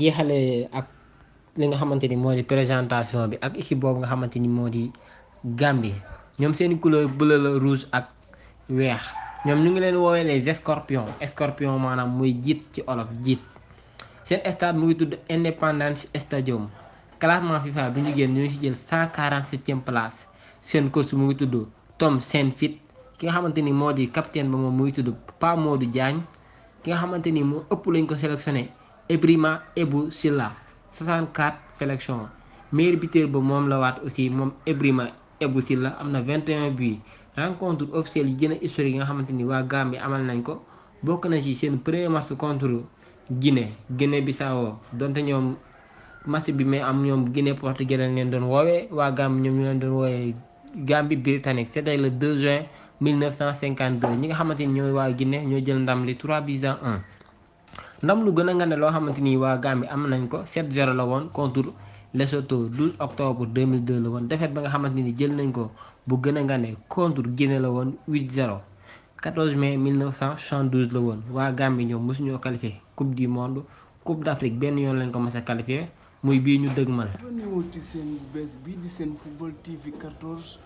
jeexale ak li nga xamante ni moo di présentation bi ak équipe boobu nga xamante ni moo di gambi ñoom seeni couleur bleu la rouge ak weex ñoom ñu ngi leen woowee les scorpions scorpion maanaam muy jiit ci olof jiit seen stade mu ngi tudd Independence Stadium classement FIFA bi ñu génn ñu ngi si jël 147e place seen coach mu ngi tudd Tom seen fit ki nga xamante ni moo di capitaine ba moom muy ngi tudd Pa Modou Diagne ki nga xamante ni moo ëpp lañ ko sélectionné Ibrima Ebou Silla 64 sélections meilleur buteur ba moom la waat aussi moom Ibrima Ebou Silla am na 21 buts rencontre officielle yi gën a historique yi nga xamante ni waa Gambie amal nañ ko bokk na ci seen premier match contre Guinée Guinée Bissau donte ñoom match bi may am ñoom Guinée Portugais lañ leen doon woowee waa Gambie ñoom ñu leen doon woowee bi britannique c'était le 2 juin 1952 ñi nga xamante ni ñooy waa Guinée ñoo jël ndam li 3 buts à en ndam lu gën nga ne loo xamante ni waa Gambie am nañ ko 7-0 la woon contre Lesotho 12 la woon défaite ba nga xamante jël nañ ko bu gën a nga ne contre Guinée la woon 8-0 14 mai 1972 la woon waa Gambie ñoom mosuñoo qualifié coupe du monde coupe d'Afrique benn yoon lañ ko mës a qualifié muy bii ñu dëgg man abonnéwul bi di seen football TV 14